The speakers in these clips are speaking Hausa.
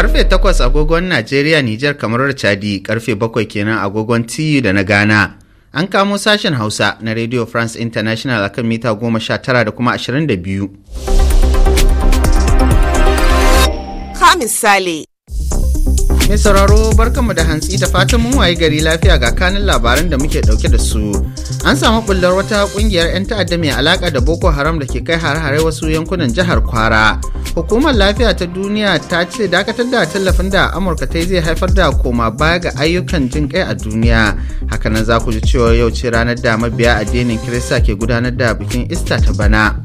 Karfe 8 agogon Najeriya, Nijar, kamar Chadi, karfe 7 kenan agogon TU da na Ghana. An kamo sashen Hausa na Radio France International akan mita 19 da kuma 22. Ka misali. Mai sauraro barkanmu da hantsi da fatan mun waye gari lafiya ga kanin labaran da muke dauke da su. An samu bullar wata kungiyar 'yan ta'adda mai alaka da Boko Haram da ke kai har-hare wasu yankunan jihar Kwara. Hukumar lafiya ta duniya ta ce dakatar da tallafin da Amurka ta yi zai haifar da koma baya ga ayyukan jin kai a duniya. Hakanan za ku ji cewa yau ce ranar da mabiya addinin Kirista ke gudanar da bikin Ista ta bana.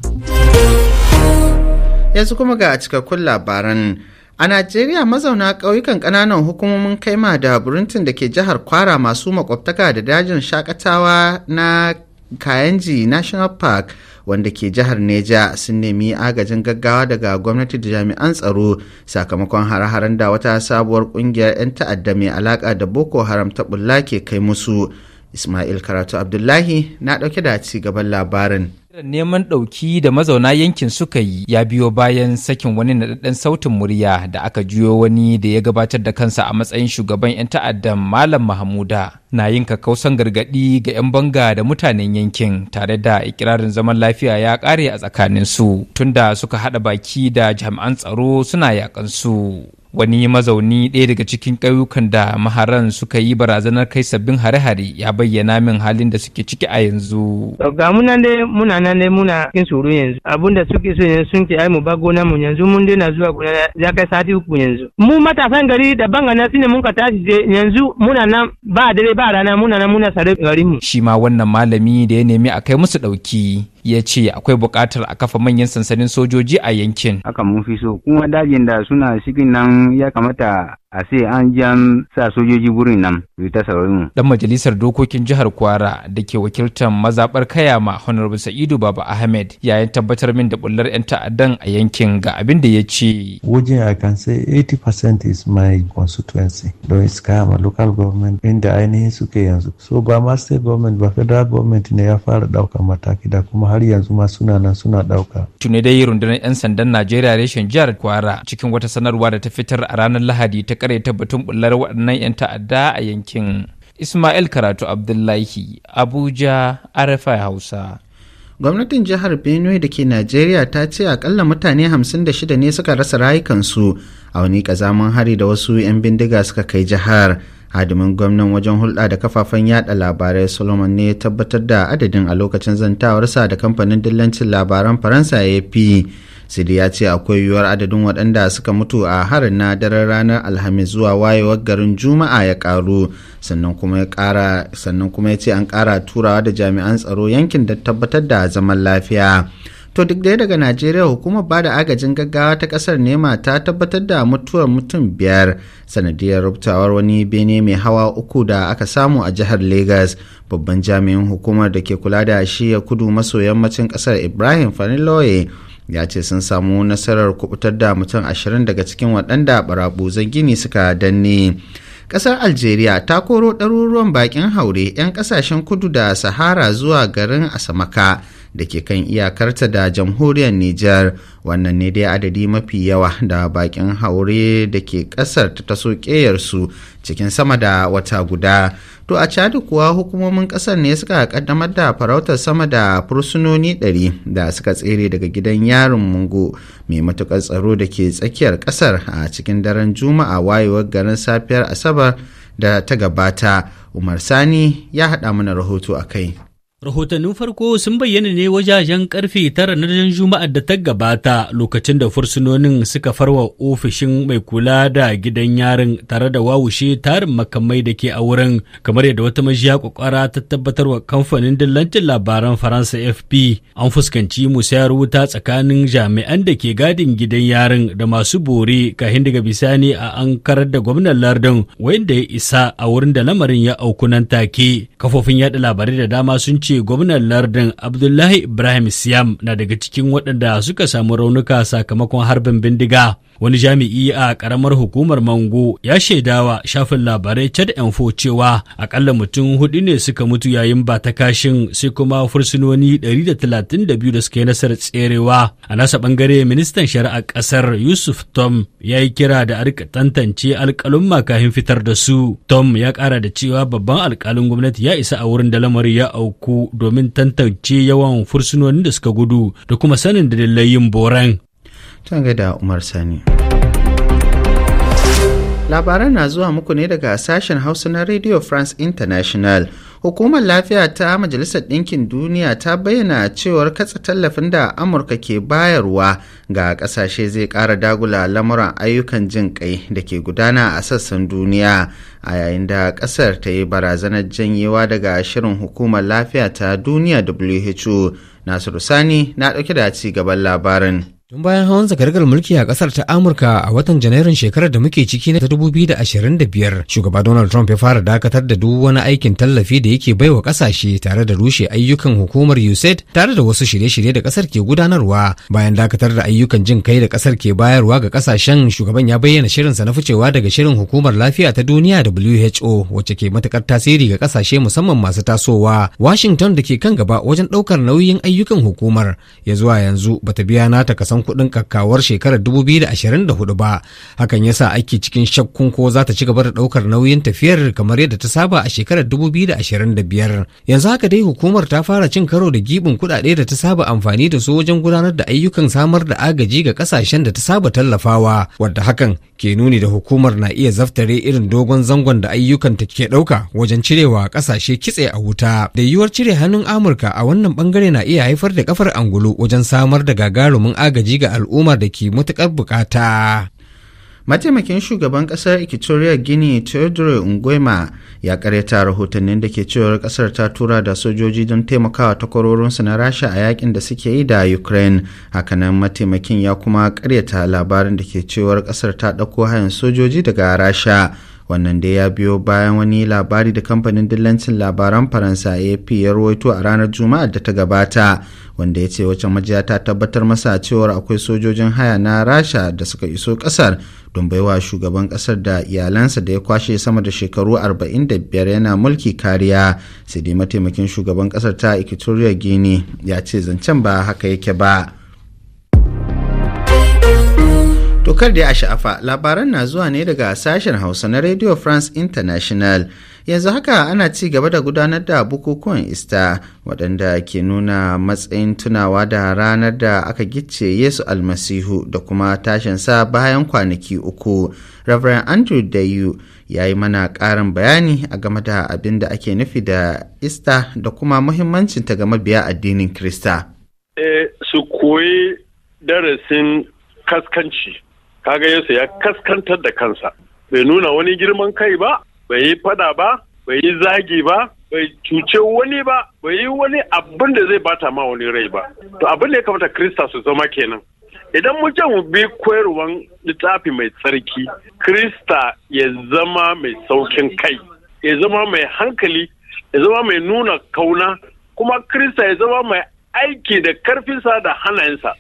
Yanzu kuma ga cikakkun labaran. A Najeriya mazauna ƙauyukan ƙananan hukumomin kaima da burintin da ke jihar Kwara masu makwabtaka da dajin shakatawa na Kayanji National Park wanda ke jihar Neja sun nemi agajin gaggawa daga gwamnati da jami'an tsaro sakamakon hare da wata sabuwar ƙungiyar 'yan ta'adda mai alaka da Boko Haram ta bulla ke kai musu. Ismail Karatu Abdullahi na ɗauke da ci gaban labarin. neman ɗauki da mazauna yankin suka yi ya biyo bayan sakin wani naɗaɗɗen sautin murya da aka juyo wani da ya gabatar da kansa a matsayin shugaban 'yan ta'addan malam mahamuda na yin kausan gargaɗi ga 'yan banga da mutanen yankin tare da ikirarin zaman lafiya ya ƙare a tsakaninsu tunda suka haɗa baki da jami'an tsaro suna yaƙansu. wani mazauni ɗaya daga cikin ƙauyukan da maharan suka yi barazanar kai sabbin hare-hare ya bayyana min halin da suke ciki a yanzu. ga muna ne muna nan ne muna cikin tsoro yanzu abun da suke so yanzu sun ce ai mu ba gona mu yanzu mun daina zuwa gona ya kai sati uku yanzu. mu matasan gari da bangana su ne mun ka tashi yanzu muna nan ba dare ba rana muna nan muna sare garin mu. shi ma wannan malami da ya nemi a kai musu ɗauki ya ce akwai buƙatar a kafa manyan sansanin sojoji a yankin haka mun fi so kuma dajin da suna cikin nan ya kamata a sai an jan sa sojoji wurin nan su ta sauraron Dan majalisar dokokin jihar Kwara da ke wakiltar mazabar Kayama Honorable Sa'idu Baba Ahmed yayin tabbatar min da bullar 'yan ta'addan a yankin ga abin da ya ce. Wajen I can say 80% is my constituency don is Kayama local government inda ainihin suke yanzu. So ba ma state government ba federal government ne ya fara ɗaukar mataki da kuma har yanzu ma suna nan suna ɗauka. Tune dai rundunar 'yan sandan Najeriya reshen jihar Kwara cikin wata sanarwa da ta fitar a ranar Lahadi ta karyata batun bullar waɗannan 'yan ta'adda a yankin ismail karatu abdullahi abuja arafai hausa gwamnatin jihar benue da ke najeriya ta ce akalla mutane 56 ne suka rasa rayukansu a wani kazamin hari da wasu 'yan bindiga suka kai jihar hadimin gwamnan wajen hulɗa da kafafen yada labarai solomon ne tabbatar da adadin a lokacin zantawarsa da kamfanin dillancin labaran faransa ya fi sai ya ce akwai yiwuwar adadin waɗanda suka mutu a harin na daren ranar alhamis zuwa wayewar garin juma'a ya karu sannan kuma ya ƙara sannan kuma ya ce an ƙara turawa da jami'an tsaro yankin da tabbatar da zaman lafiya to duk daya daga najeriya hukumar bada agajin gaggawa ta ƙasar nema ta tabbatar da mutuwar mutum biyar sanadiyar rubutawar wani bene mai hawa uku da aka samu a jihar lagos babban jami'in hukumar da ke kula da shi ya kudu maso yammacin ƙasar ibrahim faniloye ya ce sun samu nasarar kubutar da mutum ashirin daga cikin waɗanda barabuzan gini suka danne ƙasar algeria ta koro ɗaruruwan baƙin haure 'yan ƙasashen kudu da sahara zuwa garin asamaka da ke kan iyakarta da jamhuriyar Nijar wannan ne dai adadi mafi yawa da bakin haure da ke kasar ta taso su cikin sama da wata guda. To a Chad kuwa hukumomin kasar ne suka kaddamar da farautar sama da fursunoni 100 da suka tsere daga gidan yarin mungo mai matukar tsaro da ke tsakiyar kasar a cikin daren juma'a wayewar garin safiyar asabar da ta gabata. Umar Sani ya haɗa mana rahoto a kai. Rahotannin farko sun bayyana ne wajajen karfe tara na daren juma'a da ta gabata lokacin da fursunonin suka farwa ofishin mai kula da gidan yarin tare da wawushe tarin makamai da ke a wurin kamar yadda wata majiya kwakwara ta tabbatar wa kamfanin dillancin labaran Faransa FP an fuskanci musayar wuta tsakanin jami'an da ke gadin gidan yarin da masu bore kahin daga bisani a an karar da gwamnan lardin wanda ya isa a wurin da lamarin ya aukunan take kafofin yada labarai da dama sun ce gwamnan lardin abdullahi ibrahim siyam na daga cikin waɗanda suka samu raunuka sakamakon harbin bindiga wani jami'i a ƙaramar hukumar mango ya shaidawa shafin labarai chad info cewa akalla mutum hudu ne suka mutu yayin ba ta kashin sai kuma fursunoni 132 da suka yi nasarar tserewa a nasa bangare ministan shari'a ƙasar yusuf tom ya yi kira da arka tantance alƙalumma makahin fitar da su tom ya ƙara da cewa babban alkalin gwamnati ya isa a wurin da lamari ya auku domin tantance yawan fursunonin da suka gudu da kuma sanin dalilayin boran. Can da Umar Sani. Labaran na zuwa muku ne daga sashen Hausa na Radio France International. Hukumar lafiya ta Majalisar Ɗinkin Duniya ta bayyana cewar katsa tallafin da Amurka ke bayarwa ga ƙasashe zai ƙara dagula lamuran ayyukan jin ƙai da ke gudana a sassan duniya a yayin da ƙasar ta yi barazanar janyewa daga shirin hukumar lafiya ta duniya WHO. Nasiru Sani na ɗauke da ci gaban labarin. Tun bayan hawan zagargar mulki a kasar ta Amurka a watan Janairun shekarar da muke ciki na ta 2025, shugaba Donald Trump ya fara dakatar da duk wani aikin tallafi da yake baiwa kasashe tare da rushe ayyukan hukumar USAID tare da wasu shirye-shirye da kasar ke gudanarwa. Bayan dakatar da ayyukan jin kai da kasar ke bayarwa ga kasashen, shugaban ya bayyana shirinsa na ficewa daga shirin hukumar lafiya ta duniya WHO wacce ke matukar tasiri ga kasashe musamman masu tasowa. Washington da ke kan gaba wajen ɗaukar nauyin ayyukan hukumar ya zuwa yanzu bata biya nata san kuɗin kakkawar shekarar 2024 ba hakan ya sa ake cikin shakkun ko za ta ci gaba da ɗaukar nauyin tafiyar kamar yadda ta saba a shekarar 2025 yanzu haka dai hukumar ta fara cin karo da gibin kuɗaɗe da ta saba amfani da su wajen gudanar da ayyukan samar da agaji ga ƙasashen da ta saba tallafawa wadda hakan ke nuni da hukumar na iya zaftare irin dogon zangon da ayyukan ta ke ɗauka wajen cirewa ƙasashe kitse a wuta da yiwuwar cire hannun amurka a wannan bangare na iya haifar da kafar angulu wajen samar da gagarumin agaji agaji ga al'ummar da ke matuƙar bukata. mataimakin shugaban ƙasar equatorial guinea theodore nguema ya karyata rahotannin da ke cewar ƙasar ta tura da sojoji don taimakawa takwarorinsu na rasha a yakin da suke yi da ukraine hakanan mataimakin ya kuma karyata labarin da ke cewar ƙasar ta ɗauko hayan sojoji daga rasha wannan dai ya biyo bayan wani labari da kamfanin dillancin labaran faransa ap ya rawaito a ranar juma'ar da ta gabata wanda ya ce wacce majiya ta tabbatar masa cewar akwai sojojin haya na rasha da suka iso kasar don baiwa shugaban kasar da iyalansa da ya kwashe sama da shekaru 45 yana mulki kariya sai dai mataimakin shugaban kasar ta equatorial guinea ya ce zancen ba haka yake ba Tokar da ya sha'afa labaran na zuwa ne daga sashen Hausa na Radio France International. Yanzu haka ana ci gaba da gudanar da bukukuwan Ista waɗanda ke nuna matsayin tunawa da ranar da aka gicce Yesu almasihu da kuma sa bayan kwanaki uku. Reverend Andrew Dayu ya yi mana ƙarin bayani a game da abin da ake nufi da Ista da kuma ta ga mabiya addinin Krista. Eh, su koyi darasin kaskanci. kaga yesu ya kaskantar da kansa bai nuna wani girman kai ba bai yi fada ba bai yi zagi ba bai cuce wani ba bai yi wani abin da zai bata ma wani rai ba to abin da ya kamata krista su zama kenan idan mu bi koyarwan littafi mai tsarki krista ya zama mai saukin kai ya zama mai hankali ya zama mai nuna kauna kuma krista ya zama mai aiki da karfinsa da hanayensa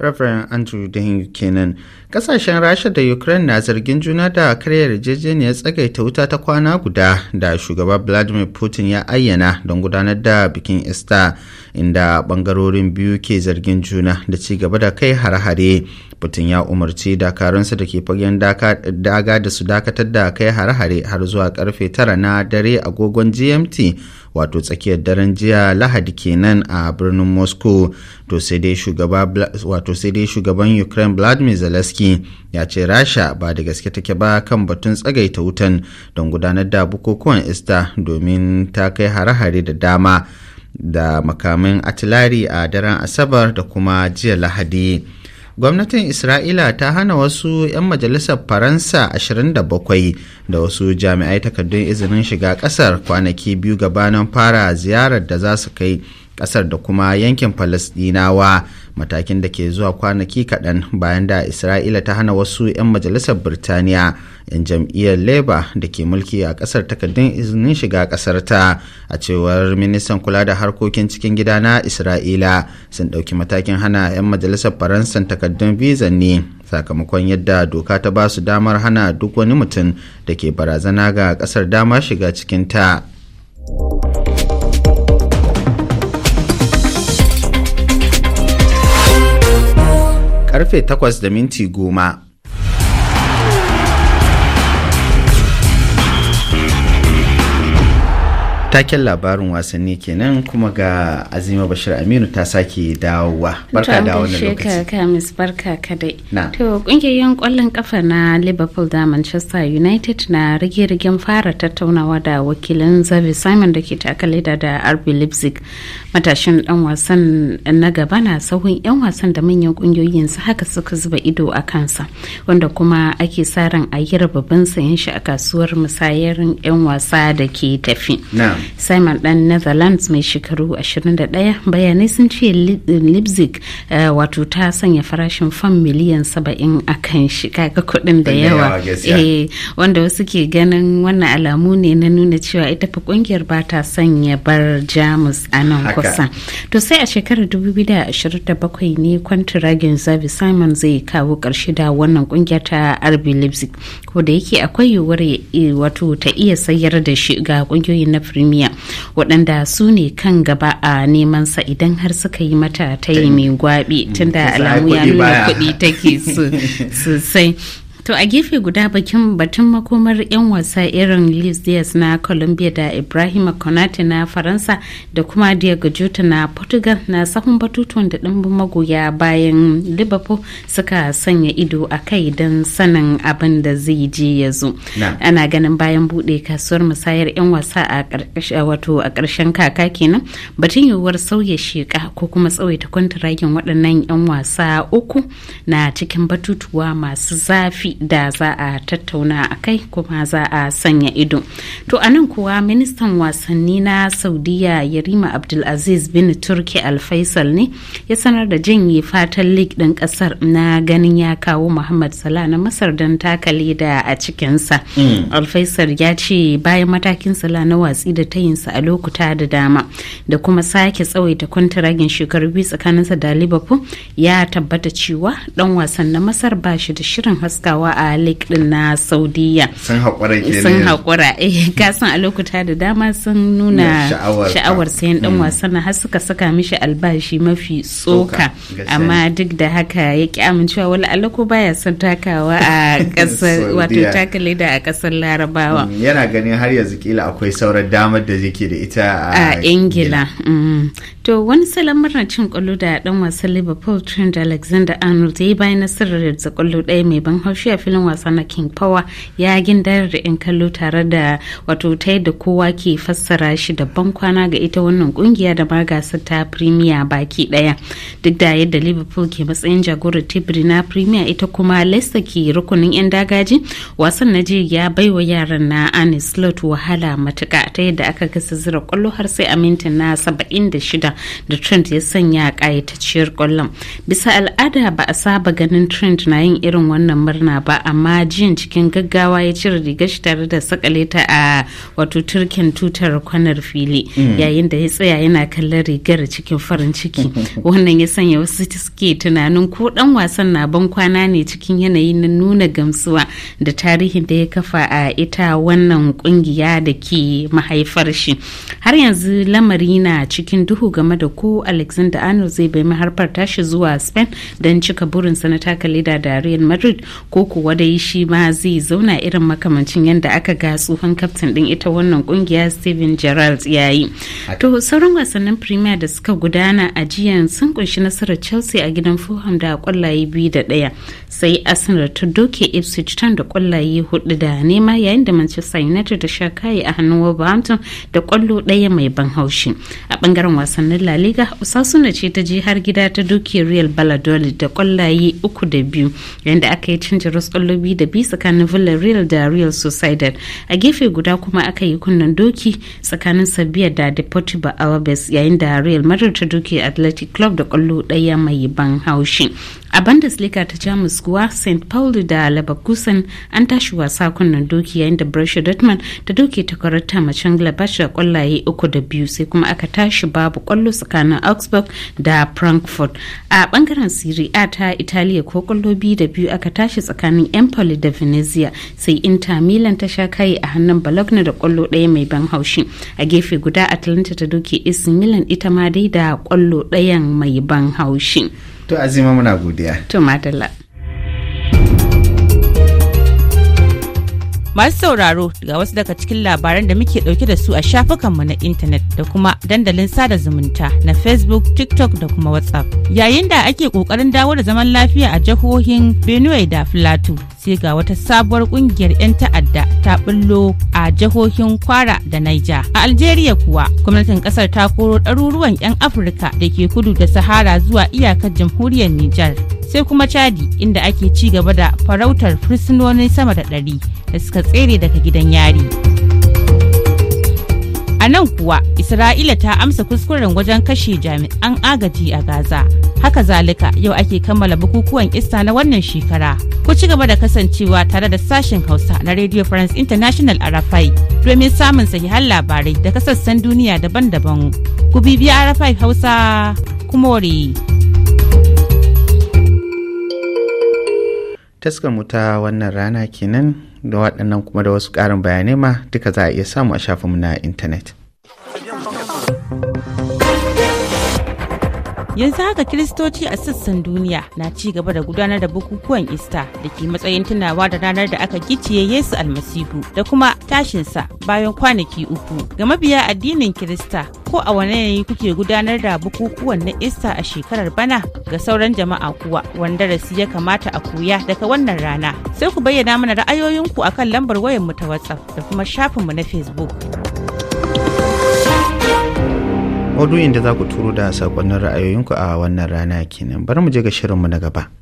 Reverend Andrew deng kenan Ƙasashen Rasha da Ukraine na zargin juna da karya yarjejeniyar tsagaita wuta ta kwana guda da shugaba Vladimir Putin ya ayyana don gudanar da bikin Easter inda bangarorin biyu ke zargin juna da ci gaba da kai hare-hare putin ya umarci dakaransa da ke fagen daga da su dakatar da kai hare-hare har zuwa karfe tara na dare agogon gmt wato tsakiyar daren jiya lahadi kenan a birnin moscow to sai dai shugaban ukraine vladimir zelensky ya ce rasha ba da gaske take ba kan batun tsagaita wutan don gudanar da bukukuwan easter domin ta kai hare-hare da dama da makamin atilari a daren asabar da kuma jiya lahadi gwamnatin isra'ila ta hana wasu 'yan majalisar faransa 27 da wasu jami'ai takardun izinin shiga ƙasar kwanaki biyu gabanin fara ziyarar da za su kai ƙasar da kuma yankin falasdinawa matakin da ke zuwa kwanaki kaɗan bayan da isra'ila ta hana wasu 'yan majalisar birtaniya 'yan jam'iyyar labour da ke mulki a ƙasar takardun izinin shiga ƙasar ta a cewar ministan kula da harkokin cikin gida na isra'ila sun ɗauki matakin hana 'yan majalisar faransan takardun visa ne sakamakon yadda doka ta ba su damar hana duk wani mutum da ke barazana ga ƙasar dama shiga cikin ta. karfe takwas da minti goma taken labarin wasanni kenan kuma ga azima bashir aminu ta sake dawowa barka da wannan lokaci ka barka kadai to kungiyoyin kwallon kafa na liverpool da manchester united na rige-rigen fara tattaunawa da wakilin zabi simon da ke taka leda da rb leipzig matashin dan wasan na gaba na sahun yan wasan da manyan kungiyoyin su haka suka zuba ido a kansa wanda kuma ake sa ran a yi babban sayan shi a kasuwar musayar yan wasa da ke tafi. simon ɗan netherlands mai shekaru 21 bayanai sun ce leipzig eh, wato ta sanya farashin fam miliyan 70 a kan shiga kuɗin da yawa eh, wanda wasu ke ganin wannan alamu ne na nuna cewa ita fa kungiyar ba ta sanya bar jamus a nan kusa to sai a shekarar 2027 ne ragin zabi simon zai kawo ƙarshe da wannan kungiyar ta rb leipzig ko da yake akwai yiwuwar wato ta iya sayar da shi ga kungiyoyin na premier kimiyya waɗanda su ne kan gaba a neman sa idan har suka yi mata tayi mai gwabi tunda alamu ya nuna kuɗi take sosai To a gefe guda bakin batun makomar 'yan wasa irin Luis Diaz na Colombia da Ibrahim Konate na Faransa da kuma Diego Jota na Portugal na sahun batutuwan da ɗimbin magoya bayan Liverpool suka sanya ido a kai don sanin abin da zai je ya zo. Ana ganin bayan buɗe kasuwar musayar 'yan wasa a wato a ƙarshen kaka kenan batun yiwuwar sauya sheƙa ko kuma tsawaita kwantaragin waɗannan 'yan wasa uku na cikin batutuwa masu zafi da za a tattauna a kai kuma za a sanya ido to a nan kuwa ministan wasanni na saudiya yarima abdulaziz bin turki alfaisal ne ya sanar da janye fatan league ɗin ƙasar na ganin ya kawo muhammad salah na masar don taka leda a cikinsa mm. alfaisal ya ce bayan matakin salah na watsi da tayinsa a lokuta da dama da kuma sake tsawaita kwantaragin shekaru biyu tsakaninsa da liverpool ya tabbata cewa ɗan wasan na masar ba shi da shirin haskawa tafkawa a lake din na saudiya sun haƙura ke sun haƙura eh kasan a lokuta da dama sun nuna sha'awar sayan dan mm. wasan na har suka saka mishi albashi mafi tsoka amma duk da haka ya ki amincewa wala alako baya son takawa a ƙasar wato taka leda a kasar larabawa mm, yana ganin har yanzu kila akwai sauran damar da yake da ita a ingila mm. to wani salon murnar cin kwallo da dan wasan liverpool trent alexander arnold ya yi bayan nasarar da kwallo ɗaya mai ban haushi a filin wasa na king power ya gindar da 'yan kallo tare da wato ta yadda kowa ke fassara shi da kwana ga ita wannan kungiya da ma gasa ta premier baki daya duk da yadda liverpool ke matsayin jagorar tebiri na premier ita kuma leicester ke rukunin 'yan dagaji wasan na jiya ya baiwa yaran na anis slot wahala matuka ta yadda aka kasa zira kwallo har sai a minti na 76 da trent ya sanya kayatacciyar kwallon bisa al'ada ba a saba ganin trent na yin irin wannan murna ba amma jin cikin gaggawa ya cire rigar shi tare da sakale ta a wato turkin tutar kwanar fili mm. yayin da ya tsaya yana kallon rigar cikin farin ciki wannan ya sanya wasu suke tunanin ko dan wasan na ban kwana ne cikin yanayi na nuna gamsuwa da tarihin da ya kafa a ita wannan kungiya da ke mahaifar shi har yanzu lamari na cikin duhu game da ko alexander arnold zai bai maharfar tashi zuwa spain don cika burinsa na taka leda da real madrid ko kuwa dai shi ma zai zauna irin makamancin yadda aka ga tsohon kaftin din ita wannan kungiya steven gerrard ya yi to sauran wasannin premier da suka gudana a jiya sun kunshi nasarar chelsea a gidan fulham da kwallaye biyu da daya sai arsenal ta doke ipswich town da kwallaye hudu da nema yayin da manchester united da sha a hannun wolverhampton da kwallo daya mai ban haushi a bangaren wasannin la liga osasuna ce ta je har gida ta doke real valladolid da kwallaye uku da biyu yadda aka yi cin tsallobi da bi tsakanin villarreal da real sociedad a gefe guda kuma aka yi kunnen doki tsakanin sabia da deportivo alaves yayin da real madrid ta doke athletic club da kwallo daya mai ban haushi a bundesliga ta jamus kuwa st paul da labakusan an tashi wasa kunnen doki yayin da borussia dortmund ta doke ta macen gladbach da kwallaye uku da biyu sai kuma aka tashi babu kwallo tsakanin augsburg da frankfurt a bangaren serie a ta italiya ko kwallo biyu da biyu aka tashi tsakanin empoli da venezia sai inter milan ta sha kai a hannun bologna da kwallo ɗaya mai ban haushi a gefe guda atlanta ta doke AC Milan ita ma dai da kwallo ɗayan mai ban haushi. to azima muna godiya to madalla Masu sauraro ga wasu daga cikin labaran da muke dauke da su a shafukanmu na intanet da kuma dandalin sada zumunta na Facebook, TikTok da kuma WhatsApp. Yayin da ake kokarin dawo da zaman lafiya a jihohin Benue da Filato, sai ga wata sabuwar kungiyar 'yan ta'adda ta bullo a jihohin Kwara da Niger. A Algeria kuwa, gwamnatin kasar ta koro ɗaruruwan 'yan Afirka da ke kudu da Sahara zuwa iyakar jamhuriyar Nijar. sai kuma chadi inda ake ci gaba da farautar fursunonin sama da ɗari da suka tsere daga gidan yari a nan kuwa isra'ila ta amsa kuskuren wajen kashe jami'an agaji a gaza haka zalika yau ake kammala bukukuwan ista na wannan shekara ku ci gaba da kasancewa tare da sashen hausa na radio france international a rafai domin samun sahihan labarai da kasassan duniya daban-daban ku bibiya rafai hausa kumore. taskar muta wannan rana kenan da waɗannan kuma da wasu ƙarin bayanai ma duka za a iya samu a shafinmu na intanet. Yanzu haka Kiristoci a sassan duniya na ci gaba da gudanar da bukukuwan Ista da ke matsayin tunawa da ranar da aka gicciye Yesu Almasihu da kuma tashinsa bayan kwanaki uku. Ga mabiya addinin Kirista ko a wane yanayi kuke gudanar da bukukuwan na Ista a shekarar bana ga sauran jama'a kuwa wanda darasi ya kamata a koya daga wannan rana. Sai ku bayyana mana ra'ayoyinku akan lambar wayanmu ta WhatsApp da kuma shafinmu na Facebook. maudu'in da za ku turo da sakonnin ra'ayoyinku a wannan rana kenan bari mu je ga shirinmu na gaba